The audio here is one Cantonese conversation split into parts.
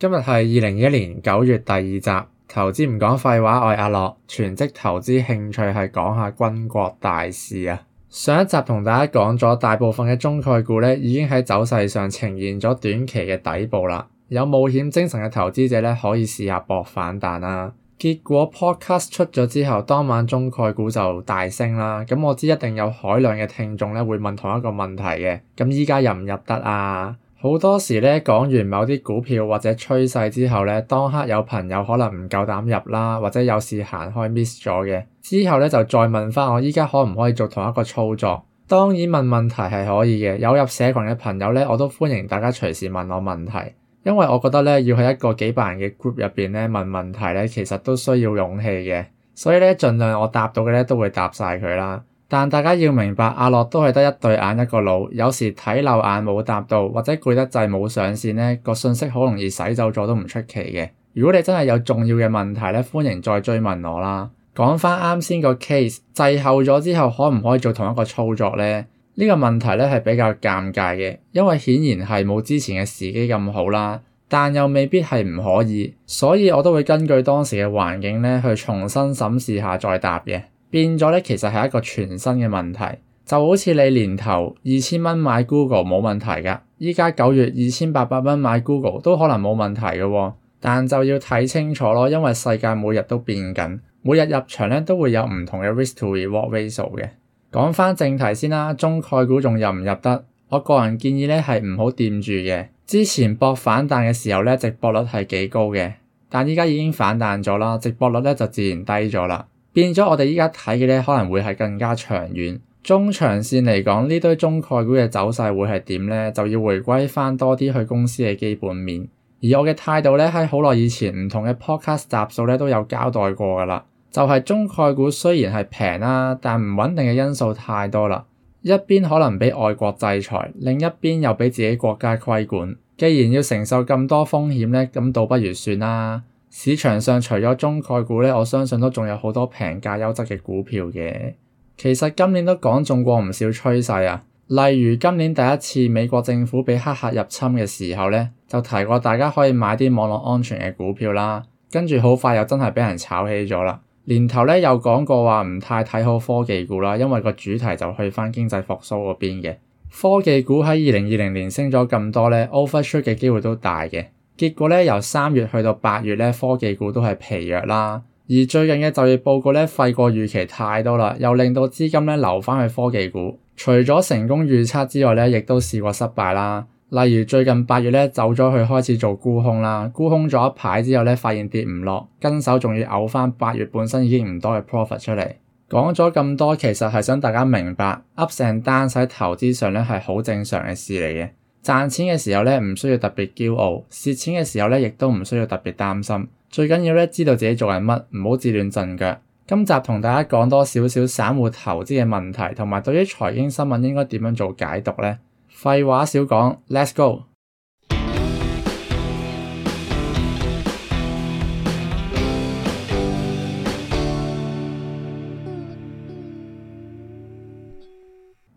今日係二零二一年九月第二集，投資唔講廢話，我係阿樂全職投資，興趣係講下軍國大事啊。上一集同大家講咗，大部分嘅中概股咧已經喺走勢上呈現咗短期嘅底部啦，有冒險精神嘅投資者咧可以試下博反彈啦。結果 podcast 出咗之後，當晚中概股就大升啦。咁我知一定有海量嘅聽眾咧會問同一個問題嘅，咁依家入唔入得啊？好多時咧講完某啲股票或者趨勢之後咧，當刻有朋友可能唔夠膽入啦，或者有事行開 miss 咗嘅，之後咧就再問翻我，依家可唔可以做同一個操作？當然問問題係可以嘅，有入社群嘅朋友咧，我都歡迎大家隨時問我問題，因為我覺得咧要去一個幾百人嘅 group 入邊咧問問題咧，其實都需要勇氣嘅，所以咧盡量我答到嘅咧都會答晒佢啦。但大家要明白，阿樂都係得一對眼一個腦，有時睇漏眼冇答到，或者攰得滯冇上線，呢個信息好容易洗走咗都唔出奇嘅。如果你真係有重要嘅問題咧，歡迎再追問我啦。講翻啱先個 case，滯後咗之後可唔可以做同一個操作呢？呢、呢個問題咧係比較尷尬嘅，因為顯然係冇之前嘅時機咁好啦，但又未必係唔可以，所以我都會根據當時嘅環境咧去重新審視下再答嘅。變咗咧，其實係一個全新嘅問題，就好似你年頭二千蚊買 Google 冇問題㗎，依家九月二千八百蚊買 Google 都可能冇問題嘅，但就要睇清楚咯，因為世界每日都變緊，每日入場咧都會有唔同嘅 risk to reward ratio 嘅。講返正題先啦，中概股仲入唔入得？我個人建議咧係唔好掂住嘅。之前博反彈嘅時候咧，值博率係幾高嘅，但依家已經反彈咗啦，值博率咧就自然低咗啦。變咗我哋而家睇嘅咧，可能會係更加長遠。中長線嚟講，呢堆中概股嘅走勢會係點咧？就要回歸翻多啲去公司嘅基本面。而我嘅態度咧，喺好耐以前唔同嘅 podcast 集數咧都有交代過噶啦。就係中概股雖然係平啦，但唔穩定嘅因素太多啦。一邊可能俾外國制裁，另一邊又俾自己國家規管。既然要承受咁多風險咧，咁倒不如算啦。市場上除咗中概股咧，我相信都仲有好多平價優質嘅股票嘅。其實今年都講中過唔少趨勢啊，例如今年第一次美國政府畀黑客入侵嘅時候咧，就提過大家可以買啲網絡安全嘅股票啦。跟住好快又真係畀人炒起咗啦。年頭咧又講過話唔太睇好科技股啦，因為個主題就去翻經濟復蘇嗰邊嘅。科技股喺二零二零年升咗咁多咧，overshoot 嘅機會都大嘅。結果咧，由三月去到八月咧，科技股都係疲弱啦。而最近嘅就業報告咧，廢過預期太多啦，又令到資金咧流翻去科技股。除咗成功預測之外咧，亦都試過失敗啦。例如最近八月咧，走咗去開始做沽空啦，沽空咗一排之後咧，發現跌唔落，跟手仲要嘔翻八月本身已經唔多嘅 profit 出嚟。講咗咁多，其實係想大家明白，Up and down 喺投資上咧係好正常嘅事嚟嘅。賺錢嘅時候咧，唔需要特別驕傲；蝕錢嘅時候咧，亦都唔需要特別擔心。最緊要咧，知道自己做緊乜，唔好自亂陣腳。今集同大家講多少少散戶投資嘅問題，同埋對於財經新聞應該點樣做解讀咧？廢話少講，Let's go！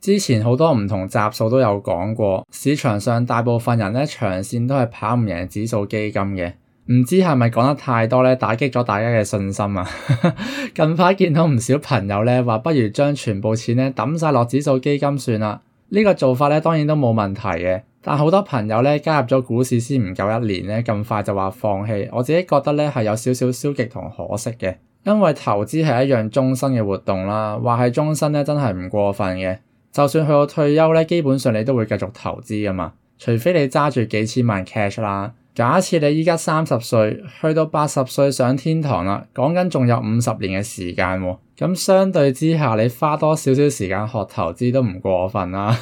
之前好多唔同集數都有講過，市場上大部分人咧長線都係跑唔贏指數基金嘅。唔知係咪講得太多咧，打擊咗大家嘅信心啊！ 近排見到唔少朋友咧話，不如將全部錢咧抌晒落指數基金算啦。呢個做法咧當然都冇問題嘅，但好多朋友咧加入咗股市先唔夠一年咧，咁快就話放棄，我自己覺得咧係有少少消極同可惜嘅，因為投資係一樣終身嘅活動啦。話係終身咧真係唔過分嘅。就算去到退休咧，基本上你都會繼續投資噶嘛，除非你揸住幾千萬 cash 啦。假設你依家三十歲，去到八十歲上天堂啦，講緊仲有五十年嘅時間喎、哦，咁相對之下，你花多少少時間學投資都唔過分啦。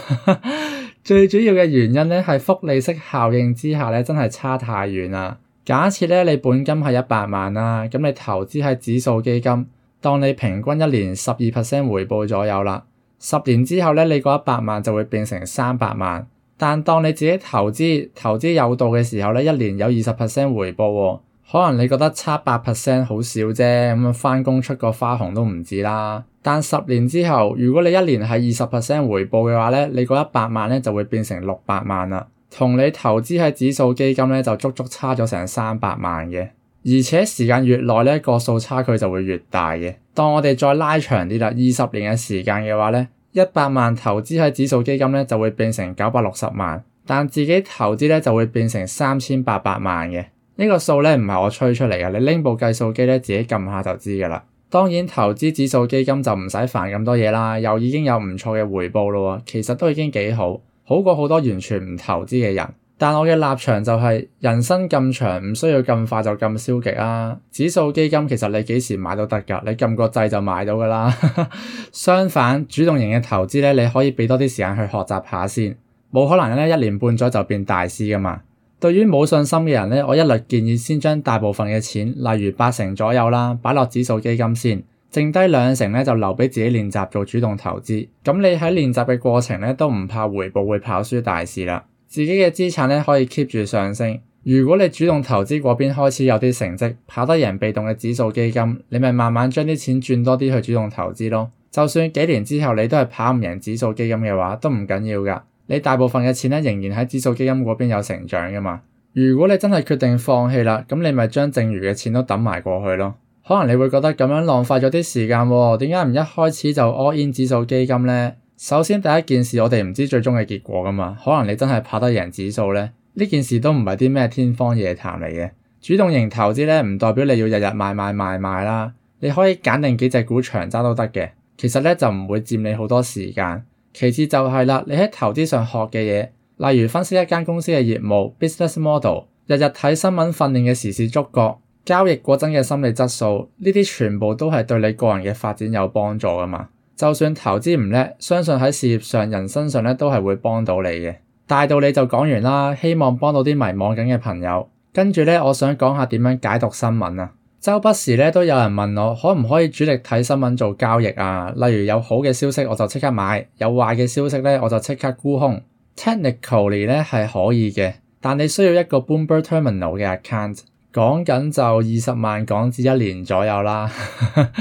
最主要嘅原因咧，係複利式效應之下咧，真係差太遠啦。假設咧，你本金係一百萬啦，咁你投資喺指數基金，當你平均一年十二 percent 回報左右啦。十年之後咧，你嗰一百萬就會變成三百萬。但當你自己投資投資有道嘅時候咧，一年有二十 percent 回報喎、哦，可能你覺得差八 percent 好少啫，咁返工出個花紅都唔止啦。但十年之後，如果你一年係二十 percent 回報嘅話咧，你嗰一百萬咧就會變成六百萬啦，同你投資喺指數基金咧就足足差咗成三百萬嘅，而且時間越耐咧個數差距就會越大嘅。當我哋再拉長啲啦，二十年嘅時間嘅話咧，一百萬投資喺指數基金咧就會變成九百六十萬，但自己投資咧就會變成三千八百萬嘅。呢個數咧唔係我吹出嚟嘅。你拎部計數機咧自己撳下就知噶啦。當然，投資指數基金就唔使煩咁多嘢啦，又已經有唔錯嘅回報咯。其實都已經幾好，好過好多完全唔投資嘅人。但我嘅立場就係人生咁長，唔需要咁快就咁消極啊！指數基金其實你幾時買都得噶，你撳個掣就買到噶啦。 相反，主動型嘅投資咧，你可以俾多啲時間去學習下先，冇可能咧一年半載就變大師噶嘛。對於冇信心嘅人咧，我一律建議先將大部分嘅錢，例如八成左右啦，擺落指數基金先，剩低兩成咧就留俾自己練習做主動投資。咁你喺練習嘅過程咧，都唔怕回報會跑輸大市啦。自己嘅資產咧可以 keep 住上升。如果你主動投資嗰邊開始有啲成績，跑得贏被動嘅指數基金，你咪慢慢將啲錢轉多啲去主動投資咯。就算幾年之後你都係跑唔贏指數基金嘅話，都唔緊要噶。你大部分嘅錢咧仍然喺指數基金嗰邊有成長噶嘛。如果你真係決定放棄啦，咁你咪將剩餘嘅錢都揼埋過去咯。可能你會覺得咁樣浪費咗啲時間喎，點解唔一開始就 all in 指數基金咧？首先第一件事，我哋唔知最終嘅結果噶嘛，可能你真係跑得贏指數咧，呢件事都唔係啲咩天方夜譚嚟嘅。主動型投資咧，唔代表你要日日賣賣賣賣啦，你可以揀定幾隻股長揸都得嘅。其實咧就唔會佔你好多時間。其次就係、是、啦，你喺投資上學嘅嘢，例如分析一間公司嘅業務、business model，日日睇新聞訓練嘅時事觸覺、交易過真嘅心理質素，呢啲全部都係對你個人嘅發展有幫助噶嘛。就算投資唔叻，相信喺事業上、人生上咧，都係會幫到你嘅。大道理就講完啦。希望幫到啲迷茫緊嘅朋友。跟住咧，我想講下點樣解讀新聞啊。周不時咧都有人問我，可唔可以主力睇新聞做交易啊？例如有好嘅消息，我就即刻買；有壞嘅消息咧，我就即刻沽空。Technically 咧係可以嘅，但你需要一個 Bloomberg Terminal 嘅 account。講緊就二十萬港紙一年左右啦，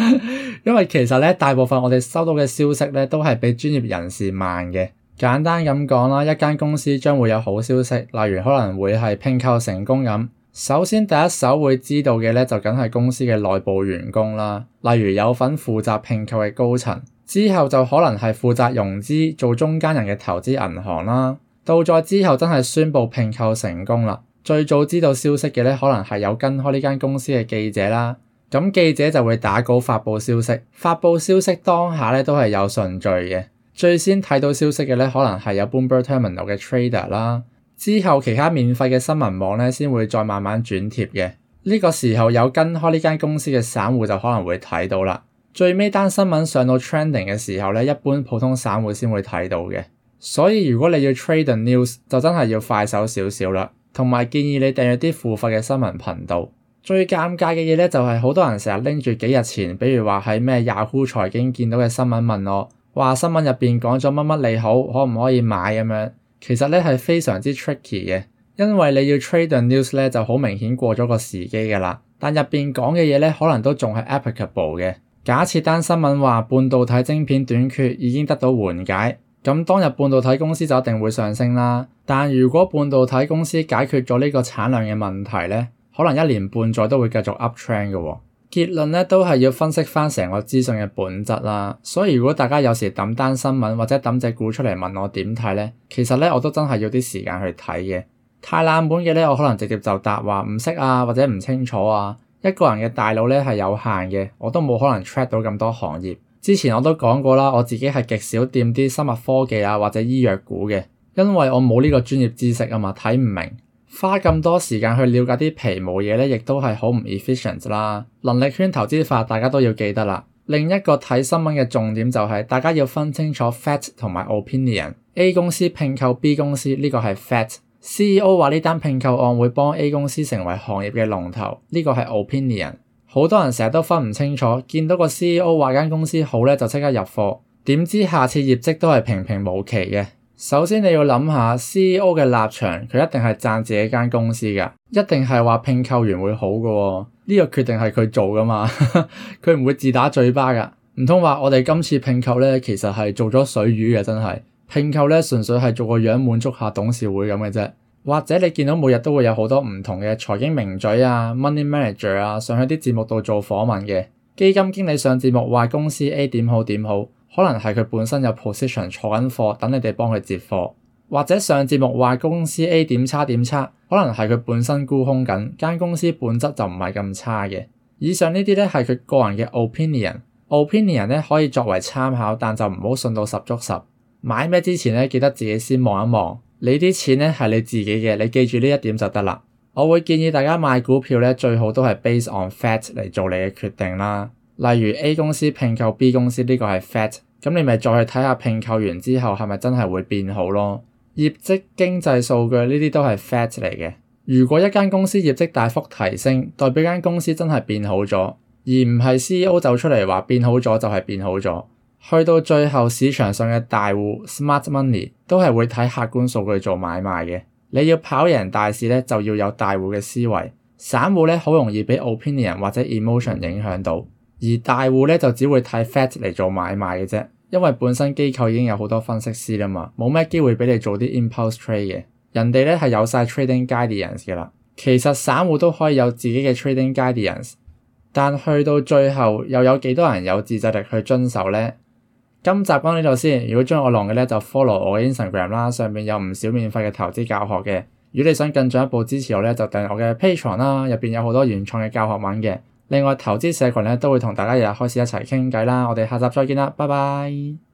因為其實咧大部分我哋收到嘅消息咧都係比專業人士慢嘅。簡單咁講啦，一間公司將會有好消息，例如可能會係併購成功咁。首先第一手會知道嘅咧就梗係公司嘅內部員工啦，例如有份負責併購嘅高層，之後就可能係負責融資做中間人嘅投資銀行啦。到再之後真係宣布併購成功啦。最早知道消息嘅咧，可能係有跟開呢間公司嘅記者啦。咁記者就會打稿發佈消息。發佈消息當下咧都係有順序嘅。最先睇到消息嘅咧，可能係有 Bloomberg Terminal 嘅 Trader 啦。之後其他免費嘅新聞網咧先會再慢慢轉貼嘅。呢個時候有跟開呢間公司嘅散戶就可能會睇到啦。最尾單新聞上到 Trending 嘅時候咧，一般普通散戶先會睇到嘅。所以如果你要 Trade the News，就真係要快手少少啦。同埋建議你訂閱啲付費嘅新聞頻道。最尷尬嘅嘢咧，就係好多人成日拎住幾日前，比如話喺咩 Yahoo 財經見到嘅新聞，問我話新聞入邊講咗乜乜利好，可唔可以買咁樣？其實咧係非常之 tricky 嘅，因為你要 trade on news 咧就好明顯過咗個時機㗎啦。但入邊講嘅嘢咧，可能都仲係 applicable 嘅。假設單新聞話半導體晶片短缺已經得到緩解。咁當日半導體公司就一定會上升啦。但如果半導體公司解決咗呢個產量嘅問題呢，可能一年半載都會繼續 uptrend 嘅、哦。結論呢都係要分析翻成個資訊嘅本質啦。所以如果大家有時抌單新聞或者抌隻股出嚟問我點睇呢，其實呢我都真係要啲時間去睇嘅。太冷門嘅呢，我可能直接就答話唔識啊或者唔清楚啊。一個人嘅大腦呢係有限嘅，我都冇可能 check 到咁多行業。之前我都講過啦，我自己係極少掂啲生物科技啊或者醫藥股嘅，因為我冇呢個專業知識啊嘛，睇唔明，花咁多時間去了解啲皮毛嘢咧，亦都係好唔 efficient 啦。能力圈投資法大家都要記得啦。另一個睇新聞嘅重點就係、是、大家要分清楚 fact 同埋 opinion。A 公司併購 B 公司呢、這個係 fact，CEO 話呢單併購案會幫 A 公司成為行業嘅龍頭，呢、這個係 opinion。好多人成日都分唔清楚，見到個 CEO 話間公司好咧，就即刻入貨。點知下次業績都係平平無奇嘅。首先你要諗下 CEO 嘅立場，佢一定係讚自己間公司嘅，一定係話併購完會好嘅喎。呢個決定係佢做噶嘛，佢 唔會自打嘴巴㗎。唔通話我哋今次併購咧，其實係做咗水魚嘅，真係併購咧，純粹係做個樣滿足下董事會咁嘅啫。或者你見到每日都會有好多唔同嘅財經名嘴啊、money manager 啊，上去啲節目度做訪問嘅基金經理上節目話公司 A 點好點好，可能係佢本身有 position 坐緊貨，等你哋幫佢接貨；或者上節目話公司 A 點差點差，可能係佢本身沽空緊間公司，本質就唔係咁差嘅。以上呢啲咧係佢個人嘅 opinion，opinion 咧 op 可以作為參考，但就唔好信到十足十。買咩之前咧，記得自己先望一望。你啲錢咧係你自己嘅，你記住呢一點就得啦。我會建議大家買股票咧，最好都係 based on fact 嚟做你嘅決定啦。例如 A 公司併購 B 公司呢個係 fact。咁你咪再去睇下併購完之後係咪真係會變好咯？業績經濟數據呢啲都係 fact 嚟嘅。如果一間公司業績大幅提升，代表間公司真係變好咗，而唔係 CEO 走出嚟話變好咗就係變好咗。去到最後，市場上嘅大戶 Smart Money 都係會睇客觀數據做買賣嘅。你要跑贏大市咧，就要有大戶嘅思維。散戶咧好容易俾 Opinion 或者 Emotion 影響到，而大戶咧就只會睇 Fact 嚟做買賣嘅啫，因為本身機構已經有好多分析師啦嘛，冇咩機會俾你做啲 Impulse Trade 嘅。人哋咧係有晒 Trading Guidance 嘅啦。其實散戶都可以有自己嘅 Trading Guidance，但去到最後又有幾多人有自制力去遵守咧？今集講呢度先。如果鍾意我浪嘅咧，就 follow 我嘅 Instagram 啦，上面有唔少免費嘅投資教學嘅。如果你想更進一步支持我咧，就訂閱我嘅 Patreon 啦，入邊有好多原創嘅教學文嘅。另外，投資社群咧都會同大家日日開始一齊傾偈啦。我哋下集再見啦，拜拜。